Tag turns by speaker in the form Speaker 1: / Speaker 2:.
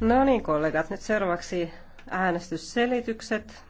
Speaker 1: No niin, kollegat, nyt seuraavaksi äänestysselitykset.